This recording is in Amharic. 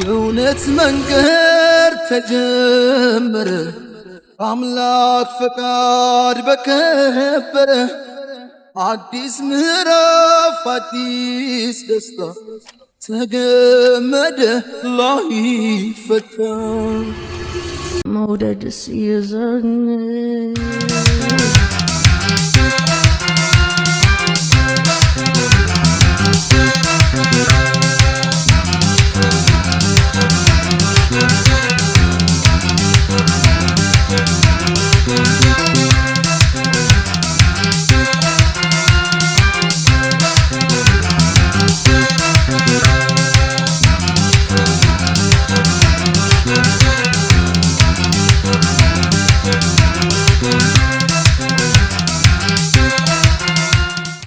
የእውነት መንገድ ተጀመረ አምላክ ፈቃድ በከበረ አዲስ ምዕራፍ አዲስ ደስታ ተገመደ ላይ ፈታ መውደድስ ይዘን